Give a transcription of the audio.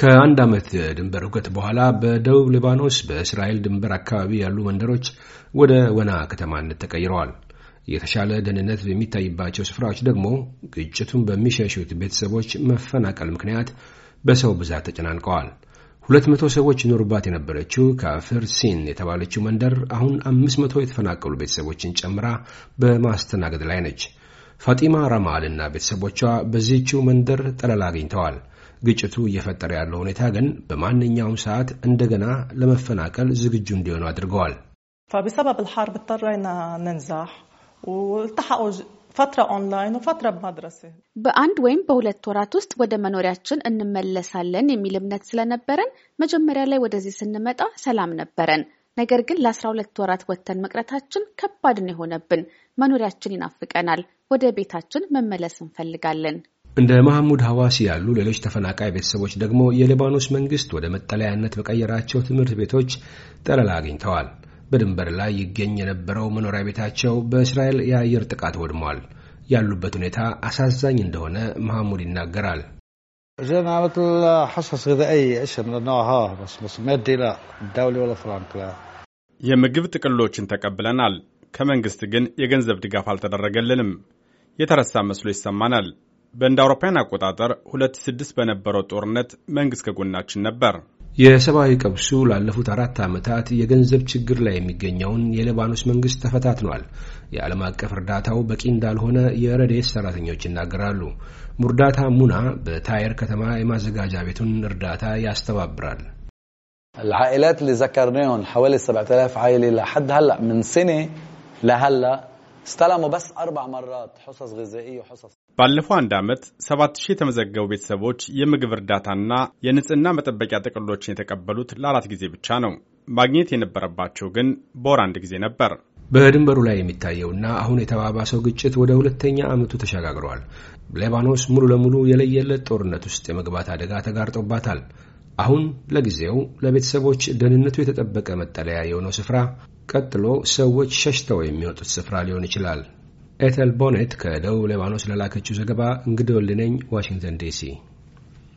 ከአንድ ዓመት ድንበር እውቀት በኋላ በደቡብ ሊባኖስ በእስራኤል ድንበር አካባቢ ያሉ መንደሮች ወደ ወና ከተማነት ተቀይረዋል። የተሻለ ደህንነት በሚታይባቸው ስፍራዎች ደግሞ ግጭቱን በሚሸሹት ቤተሰቦች መፈናቀል ምክንያት በሰው ብዛት ተጨናንቀዋል። ሁለት መቶ ሰዎች ይኖሩባት የነበረችው ካፍር ሲን የተባለችው መንደር አሁን አምስት መቶ የተፈናቀሉ ቤተሰቦችን ጨምራ በማስተናገድ ላይ ነች። ፋጢማ ራማል እና ቤተሰቦቿ በዚህችው መንደር ጠለላ አግኝተዋል። ግጭቱ እየፈጠረ ያለው ሁኔታ ግን በማንኛውም ሰዓት እንደገና ለመፈናቀል ዝግጁ እንዲሆኑ አድርገዋል። فبسبب الحرب اضطرينا ننزح والتحقوا ኦንላይን በአንድ ወይም በሁለት ወራት ውስጥ ወደ መኖሪያችን እንመለሳለን የሚል እምነት ስለነበረን መጀመሪያ ላይ ወደዚህ ስንመጣ ሰላም ነበረን። ነገር ግን ለ12 ወራት ወጥተን መቅረታችን ከባድ ነው የሆነብን። መኖሪያችን ይናፍቀናል። ወደ ቤታችን መመለስ እንፈልጋለን። እንደ መሐሙድ ሐዋሲ ያሉ ሌሎች ተፈናቃይ ቤተሰቦች ደግሞ የሊባኖስ መንግሥት ወደ መጠለያነት በቀየራቸው ትምህርት ቤቶች ጠለላ አግኝተዋል። በድንበር ላይ ይገኝ የነበረው መኖሪያ ቤታቸው በእስራኤል የአየር ጥቃት ወድሟል። ያሉበት ሁኔታ አሳዛኝ እንደሆነ መሐሙድ ይናገራል። የምግብ ጥቅሎችን ተቀብለናል። ከመንግሥት ግን የገንዘብ ድጋፍ አልተደረገልንም። የተረሳ መስሎ ይሰማናል። በእንደ አውሮፓውያን አቆጣጠር 2006 በነበረው ጦርነት መንግሥት ከጎናችን ነበር። የሰብአዊ ቀውሱ ላለፉት አራት ዓመታት የገንዘብ ችግር ላይ የሚገኘውን የሊባኖስ መንግሥት ተፈታትኗል። የዓለም አቀፍ እርዳታው በቂ እንዳልሆነ የረድኤት ሠራተኞች ይናገራሉ። ሙርዳታ ሙና በታየር ከተማ የማዘጋጃ ቤቱን እርዳታ ያስተባብራል። العائلات اللي ذكرناهم حوالي 7000 عائله لحد هلا من سنه لهلا ባለፈው አንድ ዓመት 7000 የተመዘገቡ ቤተሰቦች የምግብ እርዳታና የንጽህና መጠበቂያ ጥቅሎችን የተቀበሉት ለአራት ጊዜ ብቻ ነው። ማግኘት የነበረባቸው ግን በወር አንድ ጊዜ ነበር። በድንበሩ ላይ የሚታየውና አሁን የተባባሰው ግጭት ወደ ሁለተኛ ዓመቱ ተሸጋግሯል። ሌባኖስ ሙሉ ለሙሉ የለየለት ጦርነት ውስጥ የመግባት አደጋ ተጋርጦባታል። አሁን ለጊዜው ለቤተሰቦች ደህንነቱ የተጠበቀ መጠለያ የሆነው ስፍራ ቀጥሎ ሰዎች ሸሽተው የሚወጡት ስፍራ ሊሆን ይችላል። ኤተል ቦኔት ከደቡብ ሌባኖስ ለላከችው ዘገባ እንግዲህ ዋሽንግተን ዲሲ